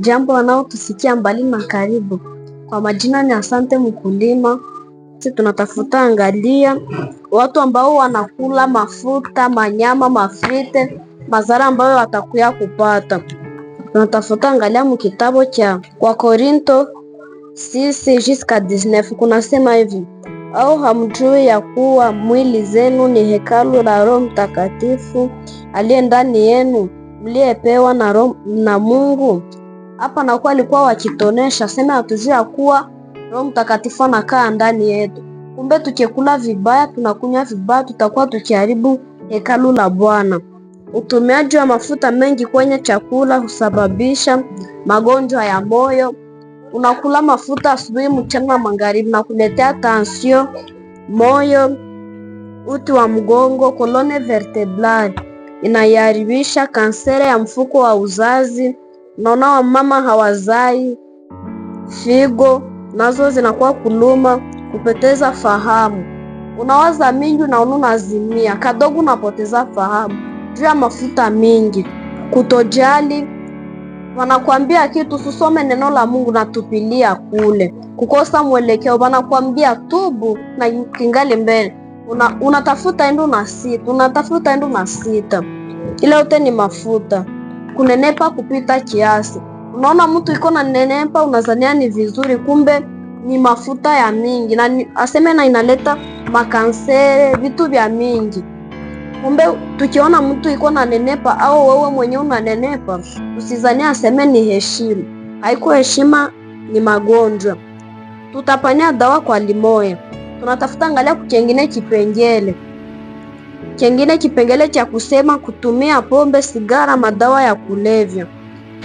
Jambo wanaotusikia mbali na karibu, kwa majina ni Asante Mkulima. Sisi tunatafuta angalia watu ambao wanakula mafuta, manyama, mafrite, madhara ambayo watakuya kupata. Tunatafuta angalia mukitabu cha Korinto sisi jiska 19 kunasema hivi: au hamjui ya kuwa mwili zenu ni hekalu la Roho Mtakatifu aliye ndani yenu mliyepewa na, na Mungu hapa nakuwa alikuwa wakitonesha sema atuzia kuwa Roho Mtakatifu anakaa ndani yetu. Kumbe tukikula vibaya, tunakunywa vibaya, tutakuwa tukiharibu hekalu la Bwana. Utumiaji wa mafuta mengi kwenye chakula husababisha magonjwa ya moyo. Unakula mafuta asubuhi, mchana magharibi na kuletea tansio, moyo, uti wa mgongo, kolone vertebrali. inayaribisha kansere ya mfuko wa uzazi. Naona wamama hawazai, figo nazo zinakuwa kuluma, kupoteza fahamu, unawaza mingi, unaona unazimia kadogo, unapoteza fahamu juu ya mafuta mingi, kutojali wanakuambia kitu susome neno la Mungu natupilia kule, kukosa mwelekeo, wanakuambia tubu na kingali mbele, unatafuta una endo na sita, unatafuta endo na sita, ile yote ni mafuta kunenepa kupita kiasi. Unaona mtu iko na nenepa, unazania ni vizuri, kumbe ni mafuta ya mingi na aseme na inaleta makansere, vitu vya mingi. Kumbe tukiona mtu iko na nenepa au wewe mwenyewe unanenepa, usizania aseme ni heshima. Haiko heshima, ni magonjwa. Tutapania dawa kwa limoya, tunatafuta angalia kukengine kipengele Kingine kipengele cha kusema kutumia pombe, sigara, madawa ya kulevya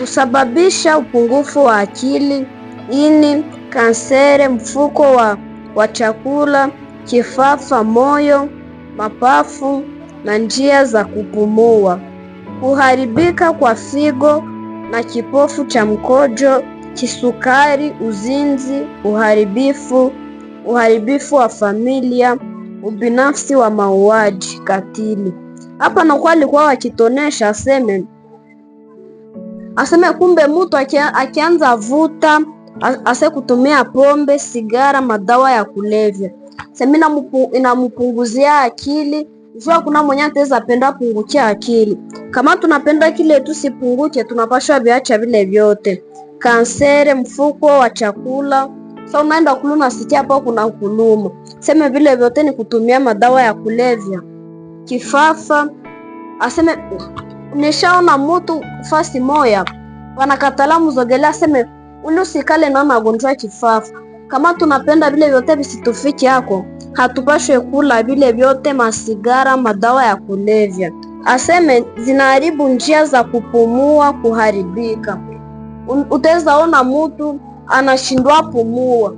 kusababisha upungufu wa akili, ini, kansere, mfuko wa, wa chakula, kifafa, moyo, mapafu na njia za kupumua, kuharibika kwa figo na kipofu cha mkojo, kisukari, uzinzi, uharibifu uharibifu wa familia ubinafsi wa mauaji katili. Hapa nakuwa alikuwa wakitonesha aseme aseme, kumbe mtu akianza vuta ase kutumia pombe, sigara, madawa ya kulevya semi inamupunguzia akili jua kuna mwenye ataweza penda pungukia akili. Kama tunapenda kile tusipunguke, tunapashwa viacha vile vyote: kansere, mfuko wa chakula So unaenda kuluma, sikia hapo kuna kuluma. seme vile vyote ni kutumia madawa ya kulevya. Kifafa aseme nishaona mutu fasi moya wanakatala muzogelea, aseme uli usikale naona agonjwa kifafa. Kama tunapenda vile vyote visitufiki yako, hatupashwe kula vile vyote, masigara, madawa ya kulevya. Aseme zinaharibu njia za kupumua, kuharibika. Utawezaona mutu anashindwa pumua,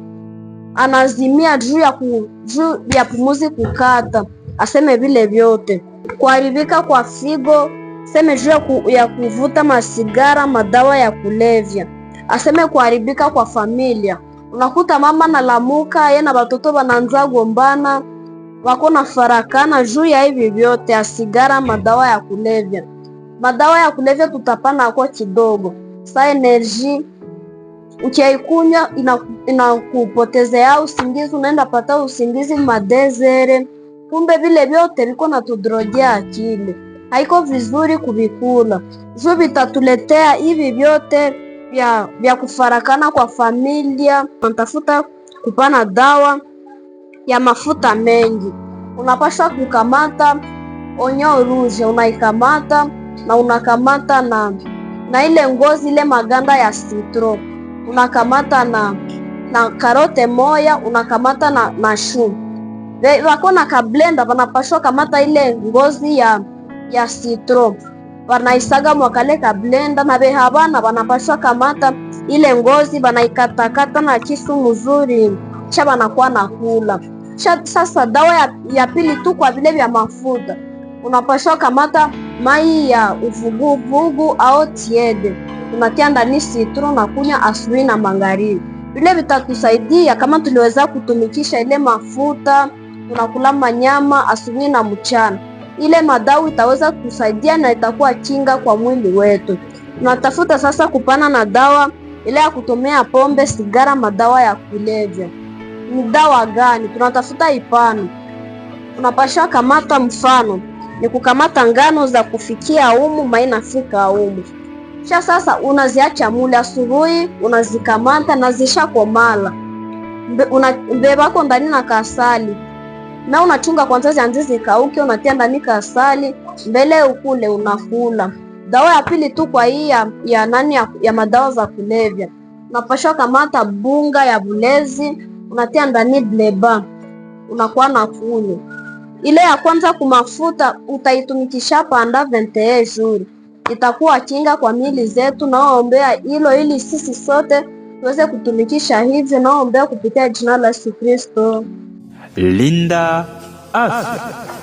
anazimia juu ya, ku, juu ya pumuzi kukata, aseme vile vyote kuharibika kwa figo, aseme juu ya, ku, ya kuvuta masigara, madawa ya kulevya, aseme kuharibika kwa familia. Unakuta mama nalamuka ye na watoto bananza gombana, wako na farakana juu ya hivi vyote asigara madawa ya kulevya. Madawa ya kulevya tutapana kwa kidogo sa energy ukiaikunywa inakupotezea ina usingizi, unaenda pata usingizi madezere. Kumbe vile vyote viko na tudrogia akili, haiko vizuri kuvikula juu vitatuletea hivi vyote vya, vya kufarakana kwa familia. natafuta kupana dawa ya mafuta mengi, unapasha kukamata onyo ruje, unaikamata na unakamata na, na ile ngozi ile maganda ya sitro unakamata na na karote moya unakamata na shu wako na kablenda, vanapashwa kamata ile ngozi ya ya sitro wanaisaga mwakale kablenda, na vehavana vanapashwa kamata ile ngozi vanaikatakata na kisu mzuri, cha wanakuwa na kula Sasa dawa ya, ya pili tu kwa vile vya mafuta unapashwa kamata mai ya uvuguvugu au tiede. Tunatia ndani citron na kunywa asubuhi na magharibi. Vile vitatusaidia kama tuliweza kutumikisha ile mafuta, tunakula manyama asubuhi na mchana. Ile madawa itaweza kusaidia na itakuwa kinga kwa mwili wetu. Tunatafuta sasa kupana na dawa ile ya kutumia pombe, sigara, madawa ya kulevya. Ni dawa gani tunatafuta? Ipano tunapasha kamata mfano ni kukamata ngano za kufikia umu mainafika umu sha sasa, unaziacha mule asubuhi, unazikamata na zishakomala, unabebako ndani na kasali na unachunga kwanza zianzizi kauke, unatia ndani kasali mbele ukule, unakula dawa ya pili tu. Kwa hii ya, ya nani ya, ya madawa za kulevya, unapashwa kamata bunga ya bulezi, unatia ndani bleba, unakuwa na kunywa ile ya kwanza kumafuta utaitumikisha panda 21 juri itakuwa kinga kwa mili zetu. Naoombea hilo ili sisi sote tuweze kutumikisha hivyo. Naoombea kupitia jina la Yesu Kristo. Linda afya.